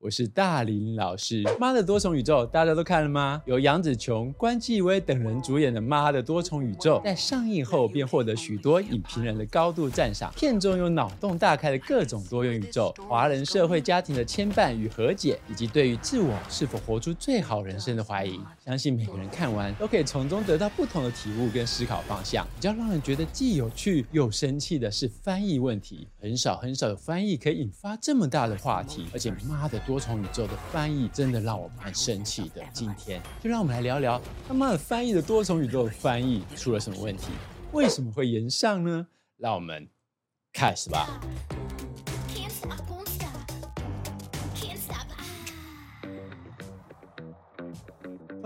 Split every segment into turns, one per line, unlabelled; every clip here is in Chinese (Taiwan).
我是大林老師，《媽的多重宇宙》大家都看了嗎？由楊紫瓊、關繼威等人主演的《媽的多重宇宙》在上映後便獲得許多影評人的高度讚賞。片中有腦洞大開的各種多元宇宙、華人社會家庭的牽絆與和解，以及對於自我是否活出最好人生的懷疑。相信每個人看完都可以從中得到不同的體悟跟思考方向。比較讓人覺得既有趣又生氣的是翻譯問題，很少很少有翻譯可以引發這麼大的話題，而且媽的多重宇宙的翻譯真的讓我蠻生氣的。今天就讓我們來聊聊他媽的翻譯的多重宇宙的翻譯出了什麼問題？為什麼會炎上呢？讓我們開始吧。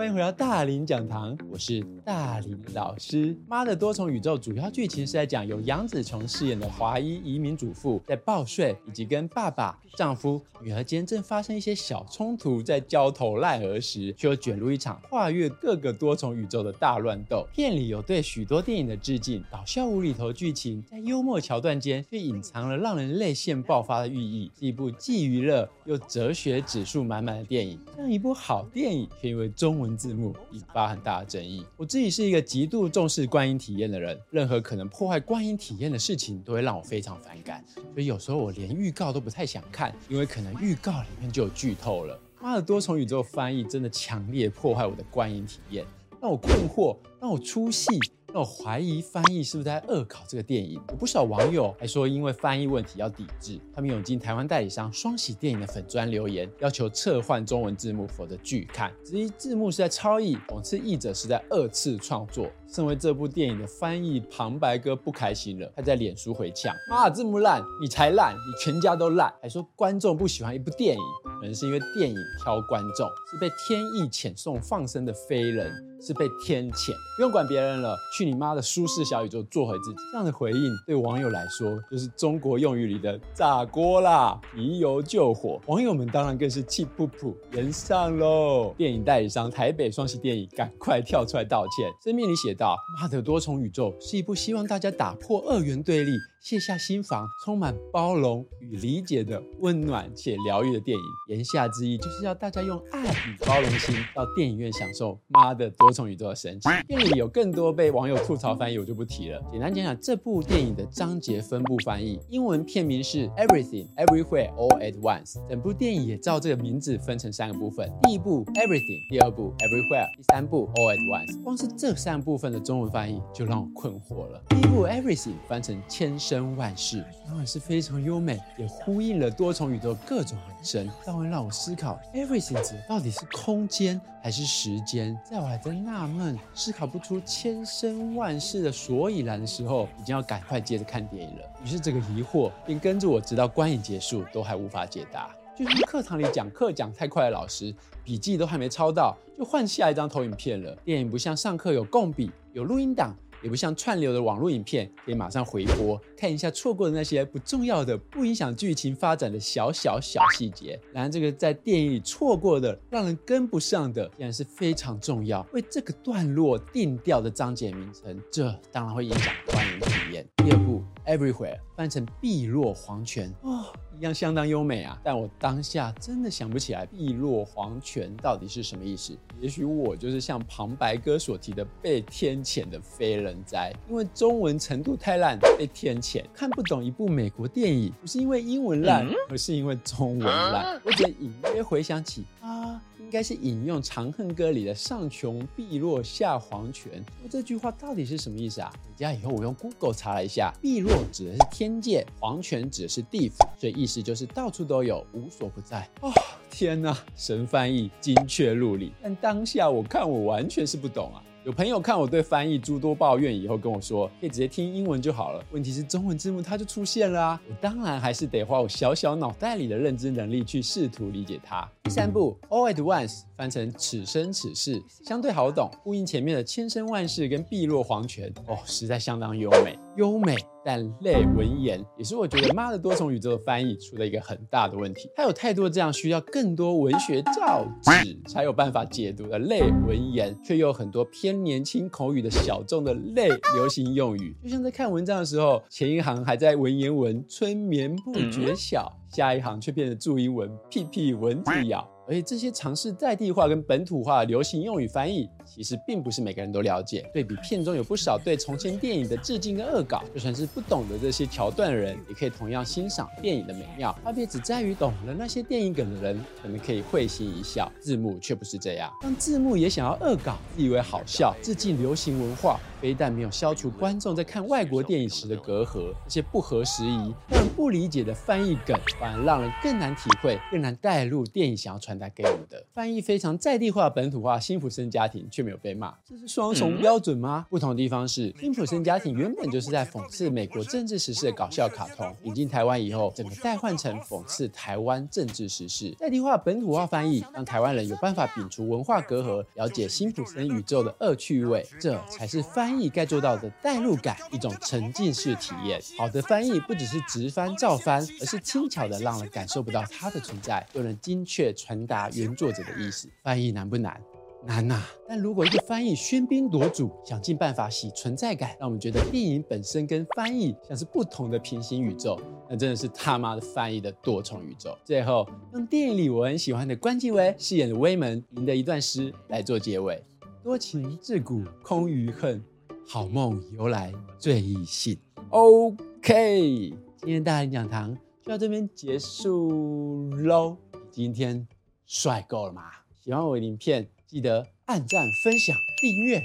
歡迎回到大林講堂，我是大林老師。媽的多重宇宙主要劇情是在講由楊紫瓊飾演的華裔移民主婦，在報稅以及跟爸爸、丈夫、女兒間正發生一些小衝突，在焦頭爛額時，卻又捲入一場跨越各個多重宇宙的大亂鬥。片裡有對許多電影的致敬，搞笑無厘頭劇情，在幽默橋段間卻隱藏了讓人淚腺爆發的寓意，是一部既娛樂又哲學指數滿滿的電影。這樣一部好電影，卻因為中文字幕引發很大的爭議。我自己是一個極度重視觀影體驗的人，任何可能破壞觀影體驗的事情都會讓我非常反感。所以有時候我連預告都不太想看，因為可能預告裡面就有劇透了。媽的，多重宇宙翻譯真的強烈破壞我的觀影體驗，讓我困惑，讓我出戲。那我懷疑翻譯是不是在惡搞這個電影，有不少網友還說因為翻譯問題要抵制，他們湧進台灣代理商雙喜電影的粉專留言，要求撤換中文字幕，否則拒看。至於字幕是在超譯，諷刺譯者是在二次創作。身為這部電影的翻譯旁白哥不開心了，他在臉書回嗆：“媽，字幕爛，你才爛，你全家都爛。”還說觀眾不喜歡一部電影，可能是因為電影挑觀眾，是被天意遣送放生的飛人。是被天譴，不用管別人了，去你媽的舒適小宇宙做回自己。這樣的回應對網友來說，就是中國用語裡的炸鍋啦，提油救火。網友們當然更是氣噗噗，炎上囉。電影代理商台北雙喜電影趕快跳出來道歉。聲明裡寫道：“媽的多重宇宙是一部希望大家打破二元對立，卸下心防，充滿包容與理解的溫暖且療愈的電影。”言下之意就是要大家用愛與包容心到電影院享受媽的多。多重宇宙的神奇，片裡有更多被網友吐槽翻譯，我就不提了。簡單講講這部電影的章節分布翻譯，英文片名是 Everything Everywhere All at Once，整部電影也照這個名字分成三個部分：第一部 Everything，第二部 Everywhere，第三部 All at Once。光是這三部分的中文翻譯就讓我困惑了。第一部 Everything 翻成千生萬世，當然是非常優美，也呼應了多重宇宙的各種人生。但會讓我思考 Everything 到底是空間還是時間？再往來在我還真。納悶，思考不出千生萬世的所以然的時候，已經要趕快接着看電影了。於是這個疑惑便跟着我，直到觀影結束都還無法解答。就像、是、課堂裡講課講太快的老師，筆記都還沒抄到，就換下一張投影片了。電影不像上課有共筆，有錄音檔。也不像串流的網絡影片可以馬上回播，看一下錯過的那些不重要的、不影響劇情發展的小小小細節。然而，這個在電影裡錯過的、讓人跟不上的，竟然是非常重要、為這個段落定調的章節名稱，這當然會影響觀影體驗。Everywhere 翻成碧落黃泉，哦，一樣相當優美啊，但我當下真的想不起來碧落黃泉到底是什麼意思。也許我就是像旁白哥所提的被天譴的非人哉，因為中文程度太爛被天譴，看不懂一部美國電影，不是因為英文爛，而是因為中文爛。我只隱約回想起啊。應該是引用《長恨歌》裡的“上窮碧落下黃泉”，那這句話到底是什麼意思啊？回家以後我用 Google 查了一下，“碧落”指的是天界，“黃泉”指的是地府，所以意思就是到處都有，無所不在。哦，天哪！神翻譯，精確入理。但當下我看我完全是不懂啊。有朋友看我對翻譯諸多抱怨以後跟我說，可以直接聽英文就好了。問題是中文字幕它就出現了啊，我當然還是得花我小小腦袋裡的認知能力去試圖理解它。第三步，all at once 翻成此生此世，相對好懂，呼應前面的千生萬世跟碧落黃泉，哦，實在相當優美。優美但類文言，也是我覺得《媽的多重宇宙》的翻譯出了一個很大的問題。它有太多這樣需要更多文學造詣才有辦法解讀的類文言，卻又有很多偏年輕口語的小眾的類流行用語。就像在看文章的時候，前一行還在文言文“春眠不覺曉”。嗯。下一行卻變得注音文、屁屁文字咬，而且這些嘗試在地化跟本土化的流行用語翻譯，其實並不是每個人都了解。對比片中有不少對從前電影的致敬跟惡搞，就算是不懂的這些橋段的人，也可以同樣欣賞電影的美妙，差別只在於懂了那些電影梗的人，可能可以會心一笑；字幕卻不是這樣，當字幕也想要惡搞，自以為好笑，致敬流行文化。非但沒有消除觀眾在看外國電影時的隔閡，那些不合時宜、讓人不理解的翻譯梗，反而讓人更難體會、更難帶入電影想要傳達給我們的。翻譯非常在地化、本土化，辛普森家庭卻沒有被罵，這是雙重標準嗎？嗯、不同的地方是，辛普森家庭原本就是在諷刺美國政治時事的搞笑卡通，引進台灣以後，整個代換成諷刺台灣政治時事，在地化、本土化翻譯，讓台灣人有辦法摒除文化隔閡，了解辛普森宇宙的惡趣味、嗯，這才是翻。翻譯該做到的代入感，一種沉浸式體驗。好的翻譯不只是直翻照翻，而是輕巧的讓人感受不到它的存在，又能精確傳達原作者的意思。翻譯難不難？難吶、啊！但如果一個翻譯喧賓奪主，想盡辦法洗存在感，讓我們覺得電影本身跟翻譯像是不同的平行宇宙，那真的是他媽的翻譯的多重宇宙。最後，用電影裡我很喜歡的關繼威飾演的威門贏得一段詩來做結尾：多情自古空餘恨。好夢由來最易醒。OK，今天大林講堂就到這邊結束嘍。今天帥夠了嗎？喜歡我的影片，記得按讚、分享、訂閱，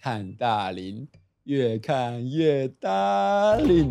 看大林，越看越大林。